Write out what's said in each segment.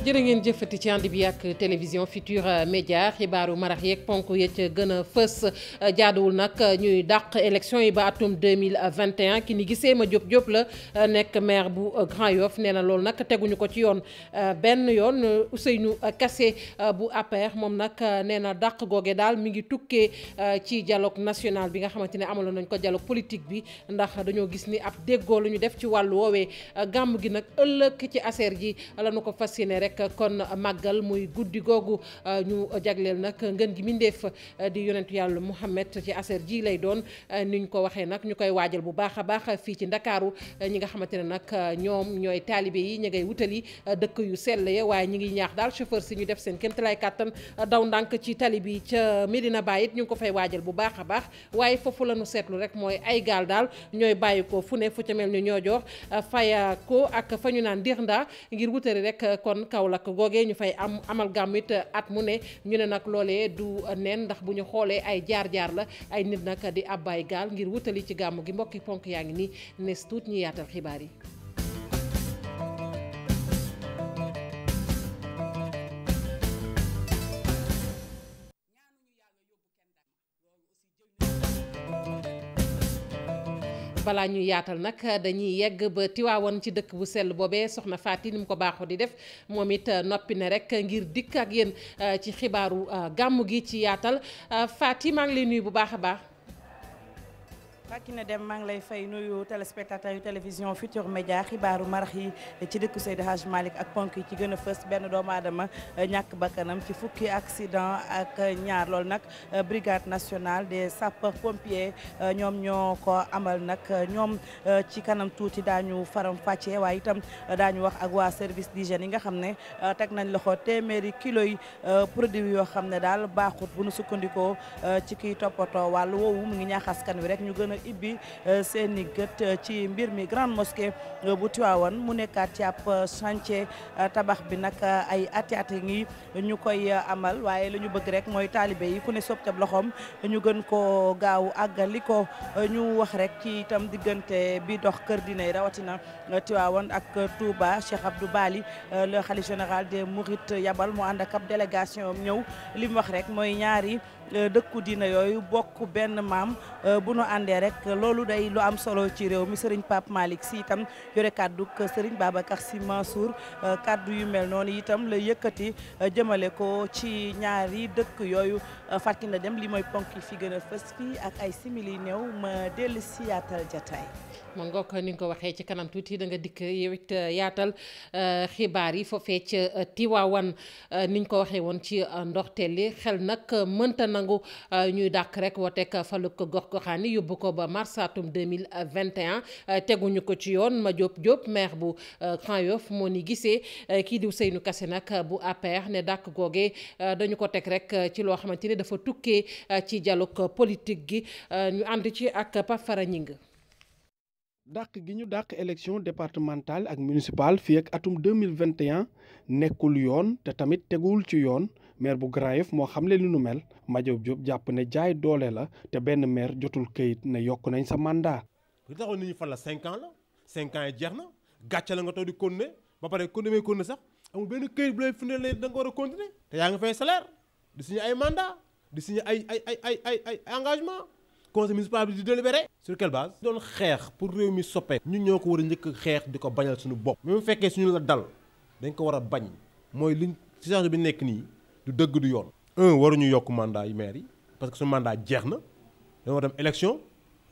jërë ngeen jëfati ci ànd bi ak télévision Futurs Médias xibaaru marax yeeg ponk ya ca gën a fës jaaduwul nag ñuy dàq élection yi ba atum 2021 ki ni gisee ma Diop Diop la nekk maire bu Grand Yoff nee na loolu nag teguñu ko ci yoon benn yoon Ousseynou Kassé bu APR moom nag nee na dàq googe daal mu ngi tukkee ci dialogue national bi nga xamante ne amaloon nañ ko dialogue politique bi ndax dañoo gis ni ab déggoo lu ñu def ci wàllu woowee gàmm gi nag ëllëg ci aseer ji lañu ko fas yéene rek rek kon màggal muy guddi googu euh, ñu jagleel nag ngën gi mindeef euh, di yonentu yàlla Muhammad ci aser ji lay doon euh, ni ñu ko waxee nag ñu koy waajal bu baax a baax fii ci ndakaaru ñi nga xamante ne nag ñoom ñooy taalibe yi ñu ngay dëkk yu sell ya waaye ñi ngi ñaax daal chauffeur si ñu def seen kéem lay kàttan daw ndànk ci tali bi ca Medina Baye it ñu ngi ko fay waajal bu baax a baax waaye foofu la ñu seetlu rek mooy ay gaal daal ñooy bàyyi ko fu ne fu ca mel ni ñoo jox faya ko ak fa ñu naan Ndirnda ngir wutali rek kon. Kaolack googee ñu fay am amal gàmm it uh, at mu ne ñu ne nag loole du nen ndax bu ñu xoolee ay jaar-jaar la ay nit nag di ab abbaay gaal ngir wutali ci gàmm gi mbokki ponk yaa ngi nii nees tuut ñu yaatal xibaar yi balaa ñuy yaatal nag dañuy yegg ba tiwaawoon ci dëkk bu sell boobee soxna Faty ni mu ko baaxoo di def moom it euh, noppi ne rek ngir dikk ak yéen euh, ci xibaaru euh, gàmm gi ci yaatal Faty maa ngi lay nuyu bu baax a baax. Fatou Kiné Deme maa ngi lay fay nuyu téléspectateur yu télévision Futur Média xibaaru marax yi ci dëkku Seydi Hadj Malick ak ponk yi ci gën fës benn doomu aadama euh, ñàkk bakkanam ci fukki accident ak ñaar lool nag euh, brigade nationale des sapp pompiers euh, ñoom ñoo ko amal nag ñoom ci kanam tuuti daañu faram fàccee waay itam daañu wax ak waa service d'hygiène yi nga xam ne teg nañ loxo téeméeri kilo yi produit yoo xam ne daal baaxut bu nu sukkandikoo ci kiy toppatoo wàllu woowu ibbi eh, seen i gët eh, ci mbir mi grande mosquée eh, bu Tivaouane mu nekkaat ci ab chantier tabax bi nag ay ati ati ngi ñu koy amal waaye la ñu bëgg rek mooy taalibe yi ku ne sob cab loxoom ñu gën koo gaaw àggali ko ñu wax rek ci itam diggante bi dox kër dinay rawatina Tivaouane ak Touba Cheikh Abdou Bali le khalife général des Mourides yabal mu ànd ak ab délégation ñëw mooy ñaari Euh, dëkku diina yooyu bokk benn maam euh, bu nu àndee rek loolu day lu am solo ci réew mi sëriñ Pape Malick si itam yore kàddu sëriñ Babacar si Mansour euh, kaddu yu mel noonu itam la yëkkati jëmale ko ci ñaari dëkk yooyu Euh, Fatou Kiné Deme li mooy ponk yi fi gën a fës ak ay simili néew ma dellu si yaatal jataay ma ngoog ni nga ko waxee ci kanam tuuti da nga dikk yow it euh, yaatal euh, xibaar yi foofee ca Tiwaawan ni ñu ko waxee woon ci ndoxteel li xel nag mënta nangu ñuy dàq rek woteeg faluk gox goxaan yóbbu ko ba mars atum 2021 teguñu ko ci yoon ma Diop Diop maire bu Grand Yoff moo ni gisee kii di Ousseynou kasi nag bu APR ne dàq googee dañu ko teg rek ci loo xamante dafa tukkee euh, ci dialogue politique gi euh, ñu ànd ci ak Pape Fara Gningue gi ñu dàq élection départementale ak municipale fii ak atum 2021 nekkul yoon te tamit teguwul ci yoon maire bu Grand Yoff moo leen li nu mel Madiop Diop jàpp ne jaay doole la te benn maire jotul këyit ne yokk nañ sa mandat. li taxoon nit ñi fan la 5 yi jeex na gàcce la nga toog di continuer ba pare continuer continuer sax amul benn këyit bu lay firndeel da nga war a continuer te yaa ngi fay salaire di suñu ay mandat di signé ay ay ay ay ay ay engagement conseil municipal bi di délibéré sur quelle base doon xeex pour réew mi soppee ñu ñoo ko war a njëkk xeex di ko bañal suñu bopp même fekkee suñu la dal dañ ko war a bañ mooy li situation bi nekk nii du dëgg du yoon waru ñu yokk mandat yi maire yi parce que suñu mandat jeex na dañoo war dem élection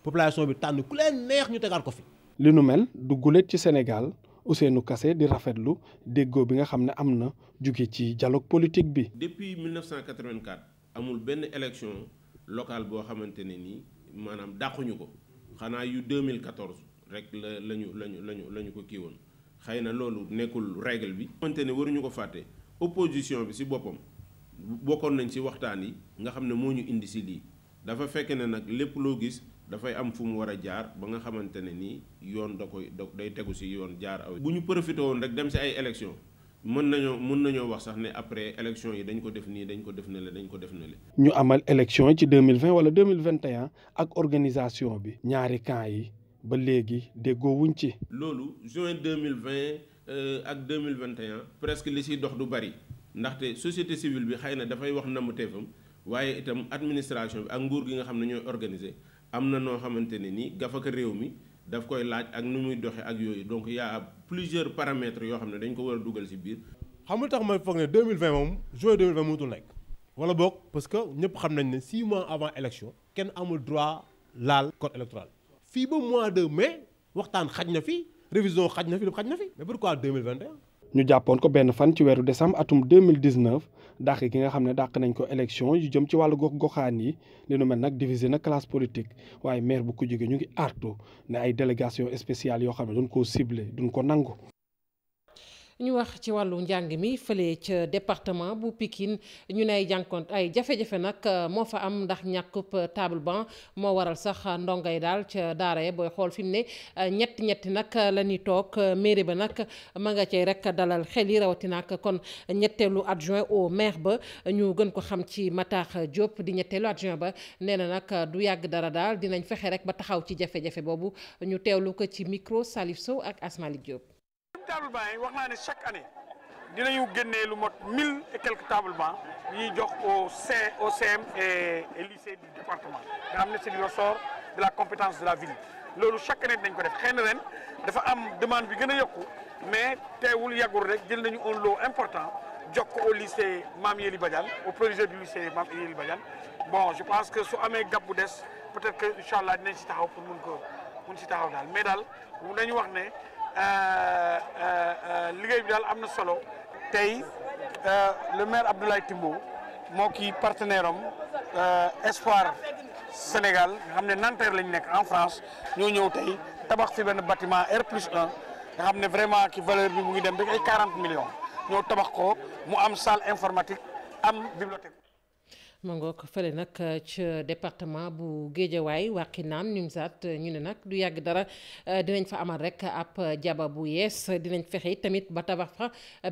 population bi tànn ku leen neex ñu tegaat ko fi li nu mel du guléet ci Sénégal Ousseynou kase di rafetlu déggoo bi nga xam ne am na jóge ci dialogue politique bi depuis 1984 amul benn élection locale boo xamante ne nii maanaam dàquñu ko xanaa yu mille 2014 rek la la ñu lañu lañu la ñu ko kii woon xëy na loolu nekkul règle bi xamante ne waruñu ko fàtte opposition bi si boppam bokkoon nañ si waxtaan yi nga xam ne moo ñu indi si lii dafa fekk ne nag lépp loo gis dafay am fu mu war a jaar ba nga xamante ne nii yoon da koy da day tegu si yoon jaar aw bu ñu profité woon rek dem si ay élection mën nañoo mun nañoo wax sax ne après élection yi dañ ko def nii dañ ko def na leen dañ ko def ne la ñu amal élection ci deux mille vingt wala deux mille ak organisation bi. ñaari camp yi ba léegi déggoo ci. loolu juin deux mille vingt euh, ak deux mille vingt et un presque li siy dox du bari ndaxte société civile bi xëy na dafay wax namu teefam waaye itam administration bi ak nguur gi nga xam ne ñooy organiser am na noo xamante ne nii gafaka réew mi. daf koy laaj ak nu muy doxe ak yooyu donc y a plusieurs paramètres yoo xam ne dañ ko war a dugal ci biir. xam lu tax may foog ne 2020 moom juin 2020 mënatul nekk. wala boog parce que ñëpp xam nañ ne 6 mois avant élection kenn amul droit laal code électoral. fii ba mois de mai waxtaan xaj na fi révision xaj na fi lépp xaj na fi. mais pourquoi 2021. ñu jàppoon ko benn fan ci weeru décembre atum 2019. dàq ki nga xam ne dàq nañ ko élection yu jëm ci wàllu goog goxaan yi li nu mel nag divisé na classe politique waaye maire bu ko jóge ñu ngi artu ne ay délégation spéciale yoo xam ne duñ koo ciblé duñ ko nangu ñu wax ci wàllu njàng mi fële ca département bu pikin ñu ne ay jànkoon ay jafe-jafe nag euh, moo fa am ndax ñàkku euh, table banc moo waral sax ndongo yi daal ca daara ya xool fi mu ne euh, ñetti ñetti nag la ñuy toog mairie ba nag ma nga cay rek dalal xel yi rawatina kon ñetteelu adjoint au maire ba ñu gën ko xam ci Matar Diop di ñetteelu adjoint ba nee na nag du yàgg dara daal dinañ fexe rek ba taxaw ci jafe-jafe boobu ñu teewlu ko ci micro Salif Sow ak Asmalik Diop. table banc yi wax naa ne chaque année dinañu génnee lu mot mille et quelques table banc ñuy jox au C au CM et lycée du département nga xam ne c'est du ressort de la compétence de la ville loolu chaque année dinañ ko def xëy na ren dafa am demande bi gën a yokku mais teewul yàggul rek jël nañu un lot important jox ko au lycée Mame Yéli bajan au proviseur du lycée Mame Yéli Badiane bon je pense que su amee gab bu des peut-être que incha allah dinañ si taxaw pour mun ko mun si taxaw daal mais daal nañu wax ne. Euh, euh, euh, liggéey bi daal am na solo tey le maire Abdoulaye Timbo moo kii partenaire am Espoir Sénégal nga xam ne Nanterre lañ nekk en France ñoo ñëw tey tabax fi benn bâtiment R plus 1 nga xam ne vraiment ki valeur bi mu ngi dem ba ay million ñoo tabax ko mu am salle informatique am bibliothèque. ma ngoog fële nag ca département bu Géejawaay Wakhinane Nimzatt ñu ne nag du yàgg dara euh, dinañ fa amal rek ab jaba bu yees dinañ fexe tamit ba tabax fa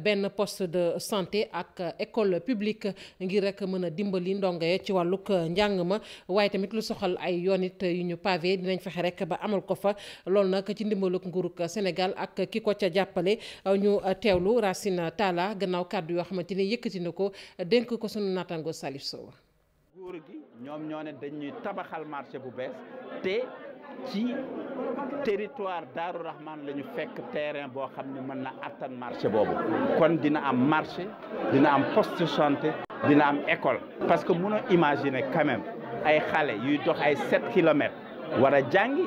benn poste de santé ak école publique ngir rek mën a dimbali ndongo ya ci wàllug njàng ma waaye tamit lu soxal ay yoon it yu ñu pavé dinañ fexe rek ba amal ko fa loolu nag ci ndimbalug nguurug Sénégal ak ki ko ca jàppale ñu teewlu Racine Talla gannaaw kàddu yoo ci ni yëkkati na ko dénk ko sunu naataango Salif Sow nguur gi ñoom ñoo ne dañuy tabaxal marché bu bees te ci territoire Daaru Rahman la ñu fekk terrain boo xam ne mën na attan marché boobu kon dina am marché dina am post de dina am école parce que mu imaginer quand même ay xale yuy jox ay sept kilomètres war a jàngi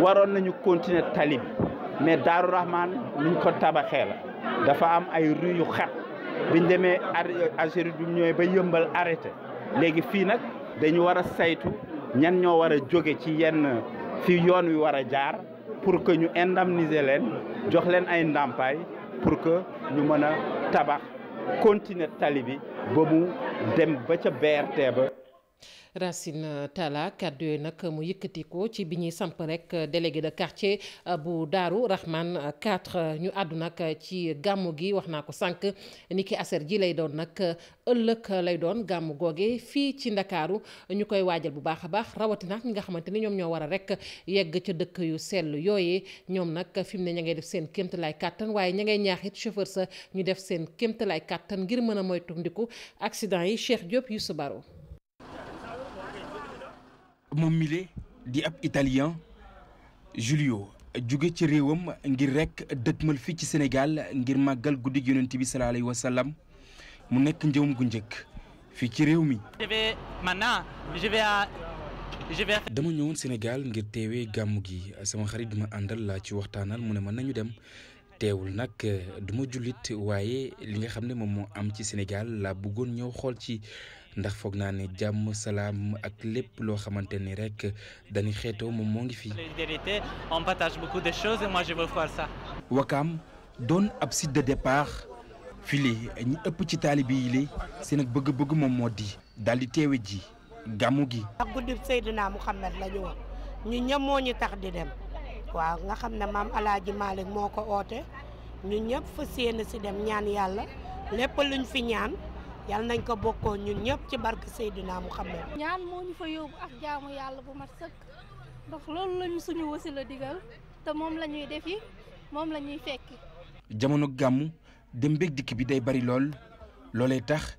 waroon nañu continuer tali bi mais Daaru Rahman ko tabaxee la dafa am ay rue yu xat biñ demee ar agéri bi ñëwee ba yëmbal arrêté léegi fii nag dañu war a saytu ñan ñoo war a jóge ci yenn fi yoon wi war a jaar pour que ñu indemniser leen jox leen ay ndàmpaay pour que ñu mën a tabax continuer tali bi ba mu dem ba ca BRT ba Racine Talla kàddu yooyu nag mu yëkkati ci bi ñuy samp rek délégué de quartier bu Daaru Rahman 4 ñu àddu nag ci gàmmu gi wax naa ko sànq ni ki aser ji lay doon nag ëllëg lay doon gàmmu googe fii ci ndakaaru ñu koy waajal bu baax a baax rawatina ñi nga xamante ni ñoom ñoo war a rek yegg ca dëkk yu sell yooyee ñoom nag fi mu ne ña ngay def seen kéemtalaay kàttan waaye ña ngay ñaax it chauffeur sa ñu def seen kéemtalaay kàttan ngir mën a moytu ndiku accident yi Cheikh Diop Youssou Baro moom mile di ab italien Julio jóge ci réewam ngir rek mal fii ci Sénégal ngir màggal guddi yonent bi sallallahu alayhi wa mu nekk njëwam gu njëkk fii ci réew mi. dama ñëwoon Sénégal ngir teewe gàmmu gi sama xarit ma àndal la ci waxtaanal mu ne mën nañu dem teewul nag duma jullit waaye li nga xam ne moom moo am ci Sénégal la bëggoon ñëw xool ci. ndax foog naa ne jàmm salaam ak lépp loo xamante ni rek dañuy xeetoo moom moo ngi fi. solidarité on partage de choses et moi Wakaam doon ab site de départ fii ñi ëpp ci taalibe yi li seen ak bëgg-bëgg moom moo di daal di teewe ji gàmmu gi. ak guddib Seydina Muhammad la ñu wax ñu ñëpp moo ñu tax di dem waaw nga xam ne maam El Hadj moo ko oote ñu ñëpp fa séen si dem ñaan yàlla lépp luñ fi ñaan. yal nañ ko bokkoo ñu ñëpp ci barke Seydina Muhammad ñaan moo ñu fa yóbbu ak jaamu yàlla bu mat sëkk ndax loolu lañu suñu wasi la digal te moom lañuy def defi moom lañuy ñuy fekki jamono gàmm dem beeg dikk bi day bari lool loolee tax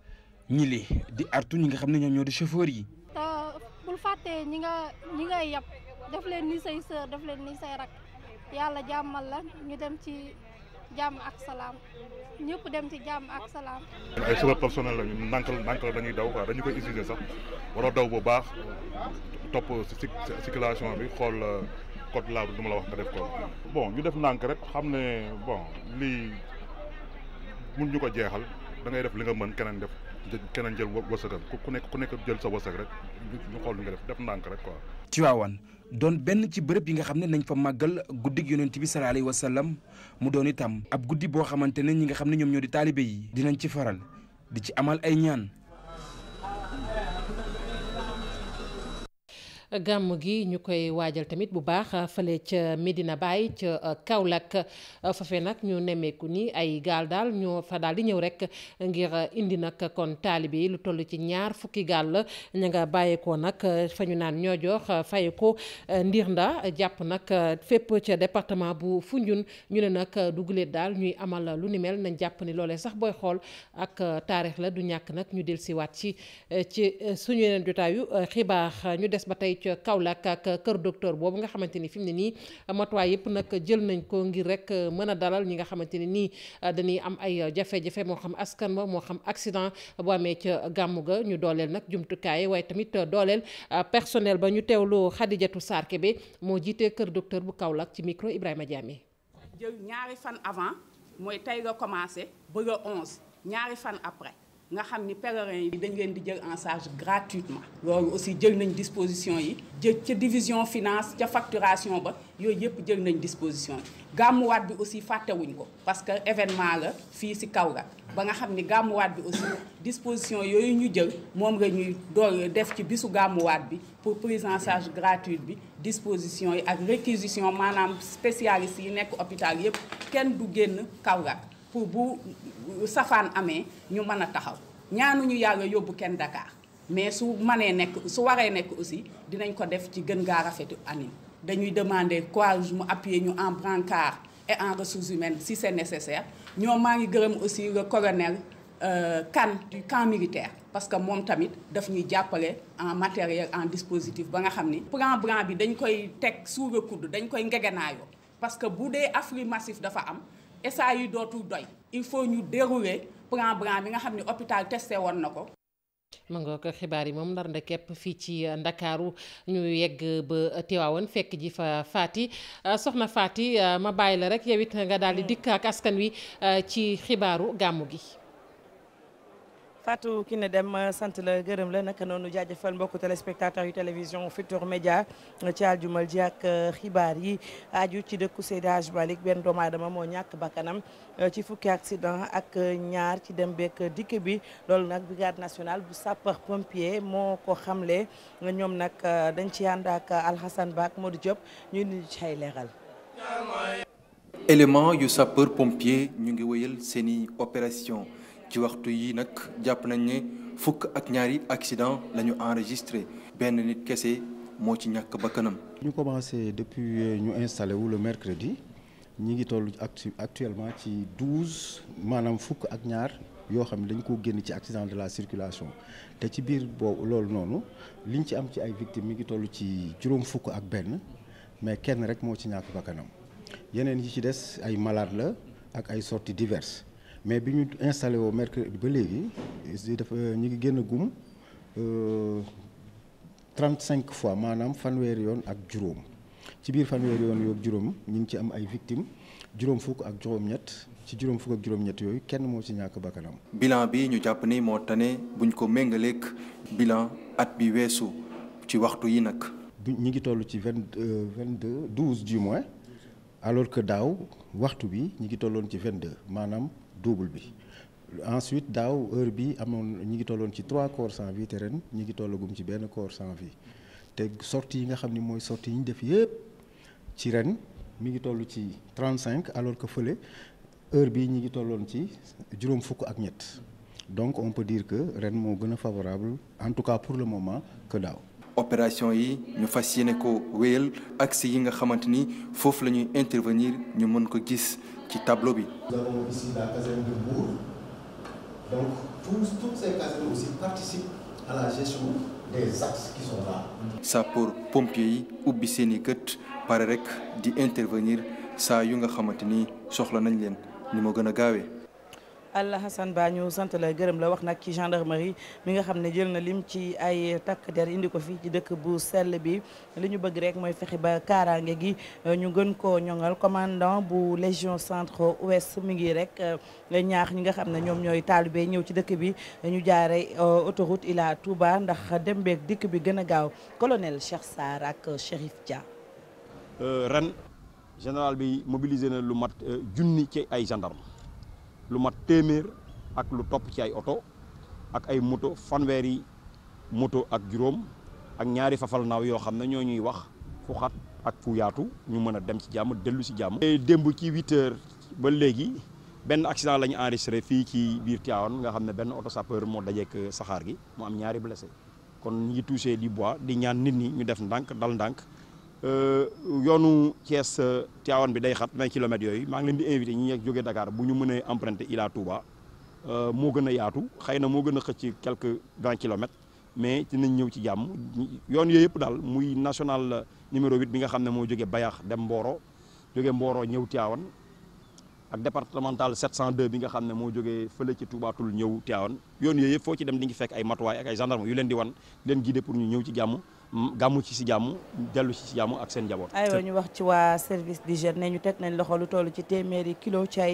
ñi li di artu ñi nga xam ne ñoom ñoo di chauffeur yi te bul fàttee ñi nga ñi ngay yab daf leen ni say sœur daf leen ni say rak yàlla jàmmal la ñu dem ci jàmm ak salaam ñëpp dem ci jàmm ak salaam. ay suba personnel la ñun ndànk ndànk la dañuy daw quoi dañu koy utiliser sax waroo daw bu baax topp ci circulation bi xool euh, code laabre du ma la wax nga def ko. bon ñu def ndànk rek xam ne bon lii mun ñu ko jeexal da ngay def li nga mën keneen def keneen jël wërsëgam ku nekk ku nekk jël sa wërsëg rek ñu xool li nga def def ndànk rek quoi. Tiwaawan doon benn ci bërëb yi nga xam ne nañ fa màggal guddig yonent bi sallallahu alayhi wa sallam mu doon itam ab guddi boo xamante ne ñi nga xam ne ñoom ñoo di taalibe yi dinañ ci faral di ci amal ay ñaan gàmm gi ñu koy waajal tamit bu baax ah, fële ca Medina bàyyi ca ah, Kaolack ah, fafe nag ñu nemmeeku nii ay gaal daal ñoo fa daal di ñëw rek ngir indi nag kon taalibe yi lu toll ci ñaar fukki gaal la ña nga bàyyeekoo nag fa ñu naan ñoo jox faye ko Ndirnda jàpp nag fépp ca département bu Foundiougne ñu ne nag duguleet daal ñuy amal lu ni mel nañ jàpp ni loolee sax booy xool ak taarix la du ñàkk nag ñu dellusiwaat ci eh, ci eh, suñu yeneen jotaayu eh, xibaar ñu des ba tey. ca Kaolack ak uh, kër docteur boobu nga xamante ni fi mu ne nii uh, matuwaay yëpp nag jël nañ ko ngir rek uh, mën a dalal ñi nga xamante ne nii dañuy am ay jafe-jafe moo xam askan ba moo xam accident bu amee ca gàmmu ga ñu dooleel nag jumtukaay waaye tamit dooleel personnel ba ñu teewloo Xadijatu Sarke bi moo jiitee kër docteur bu Kaolack ci micro Ibrahima Diamé. jël ñaari fan avant mooy tey nga commencé ba le ñaari fan après. nga xam ni pèlerins yi dañ leen di jël en charge gratuitement loolu aussi jël nañ disposition yi jël ca division finance ca facturation ba yooyu yëpp jël nañ disposition yi gàmmuwaat bi aussi fàttewuñ ko parce que événement la fii si Kaolack ba nga xam ni gàmmuwaat bi aussi disposition yooyu ñu jël moom la ñuy door def ci bisu gàmmuwaat bi pour prise en charge bi disposition yi ak réquisition maanaam spécialistes yi nekk hôpital yëpp kenn du génn kaw Kaolack pour bu safaan amee ñu mën a taxaw ñaanu ñaanuñu yàlla yóbbu kenn dakaar mais su manee nekk su waree nekk aussi dinañ ko def ci gën gaa rafetu anim dañuy demander courage mu ñu en brancard et en ressources humaines si c'est nécessaire ñoom maa ngi gërëm aussi le colonel euh, Kane du camp militaire parce que moom tamit daf ñuy jàppale en matériel en dispositif ba nga xam ni plan blanc bi dañ koy teg sous le coude dañ koy ngegenaayoo parce que bu dee afflux massif dafa am essai yi dootul doy il faut ñu dérouler plan blanc bi nga xam ne hôpital testé woon na ko mën nga ko xibaar yi moom nar na képp fii ci euh, ndakaaru ñu yegg ba Tiwaawan fekk ji fa Fati euh, soxna Fati euh, ma bàyyi la rek yow it nga daal di mm. dikk ak askan wi ci xibaaru gàmmu gi Fatou ne dem sant la gërëm la naka noonu jaajëfal mbokku téléspectateurs yu télévision Futur Média ci aljumal ji ak euh, xibaar yi aju ci dëkku Seydi Hadji Malick benn doomaadama moo ñàkk bakkanam euh, ci fukki accident ak euh, ñaar ci dem beek dikk bi loolu nag brigade nationale bu sapeur pompier moo ko xamle ñoom nag dañ ci ànd ak Alhassane moo ak Modou Diop ñu indi ci ay leeral. ñu ngi wéyal seeni opération. ci waxtu yi nag jàpp nañ ne fukk ak ñaari accident lañu ñu benn nit kese moo ci ñàkk bakkanam ñu commencé depuis euh, ñu installé wu le mercredi ñi ngi toll actuellement ci douze maanaam fukk ak ñaar yoo xam ne dañ ko génn ci accident de la circulation te ci biir boobu loolu noonu liñ ci am ci ay victimes mi ngi toll ci juróom fukk ak benn mais kenn rek moo ci ñàkk bakkanam yeneen yi ci des ay malade la ak ay sorties diverses mais bi ñu installé woo mercredi ba léegi si dafa ñu ngi génn gum euh, cinq fois maanaam fanweeri yoon ak juróom ci biir fanweeri yoon yooyu juróom ñu ngi ci am ay victimes juróom fukk ak juróom-ñett ci juróom fukk ak juróom-ñett yooyu kenn moo ci ñàkk bakkanam bilan bi ñu jàpp ni moo tane buñ ko méngaleeg bilan at bi weesu ci waxtu yi nag. ñu ngi toll ci vingt euh, vingt deux douze du moins alors que daaw waxtu bi ñu ngi tolloon ci vingt deux maanaam. double bi ensuite daaw heure bi amoon ñi ngi tolloon ci trois corps sans vie te ren ñi ngi tollagum ci benn corps sans vie te sortie yi nga xam ne mooy sorti yi ñu def yëpp ci ren mi ngi toll ci trente cinq alors que fële heure bii ñi ngi tolloon ci juróom fukk ak ñett donc on peut dire que ren moo gën a favorable en tout cas pour le moment que daaw. opération yi ñu fas yéene ko wéyal axe yi nga xamante ni foofu la ñuy intervenir ñu mën ko gis. ci tableau bi. nous avons ici la gestion des axes qui sont là. sapeur pompier yi ubbi seen i kët pare rek di intervenir saa yu nga xamante ni soxla nañ leen ñu ma gën a gaawee. Alhassane baa ñu sant la gërëm la wax nag ci gendarmerie mi nga xam ne jël na lim ci ay takk der indi ko fi ci dëkk bu sell bi li ñu bëgg rek mooy fexe ba kaaraange gi euh, ñu gën koo ñoŋal commandant bu légion centre ouest mi ngi rek euh, ñaax ñi nga xam ne ñoom ñooy taalibe ñëw ci dëkk bi ñu jaare euh, autoroute Ila Touba ndax dem beek dikk bi gën a gaaw colonel Cheikh Sarr ak Chérif Dia. ren général bi mobilisé na lu mat junni ci ay gendarme lu mat téeméer ak lu topp ci ay oto ak ay moto fanweeri moto ak juróom ak ñaari fafal naaw yoo xam ne ñoo ñuy wax fu xat ak fu yaatu ñu mën a dem ci jàmm dellu ci jàmm. démb ci huit ba léegi benn accident la ñu enregistré fii ci biir Tivaouane nga xam ne benn oto sapeur moo dajeek saxaar gi mu am ñaari blessé kon ñu touché du bois di ñaan nit ñi ñu def ndànk dal ndànk. Euh, yoonu Thiès euh, Tivaouane bi day xat 20 kilomètres yooyu maa ngi leen di invité ñi nekk jógee dakaar bu ñu mënee emprunté Ila Touba euh, moo gën a yaatu xëy na moo gën a xëcc quelques 20 kilomètres mais dinañ ñëw ci jàmm yoon yooyu yëpp daal muy national numéro 8 bi nga xam ne moo jógee bayaax dem Mboro jógee Mboro ñëw Tivaouane ak départemental 702 bi nga xam ne moo jóge fële ci Touba Toul ñëw Tivaouane yoon yooyu yëpp foo ci dem di ngi fekk ay matuwaay ak ay gendarme yu leen di wan leen guider pour ñu ñëw ci jàmm gàmmu ci si jàmm dellu ci si jàmm ak seen njaboot. aywa ñu wax ci waa service d'hygiène ne ñu teg nañ loxo lu toll ci téeméeri kilo ci ay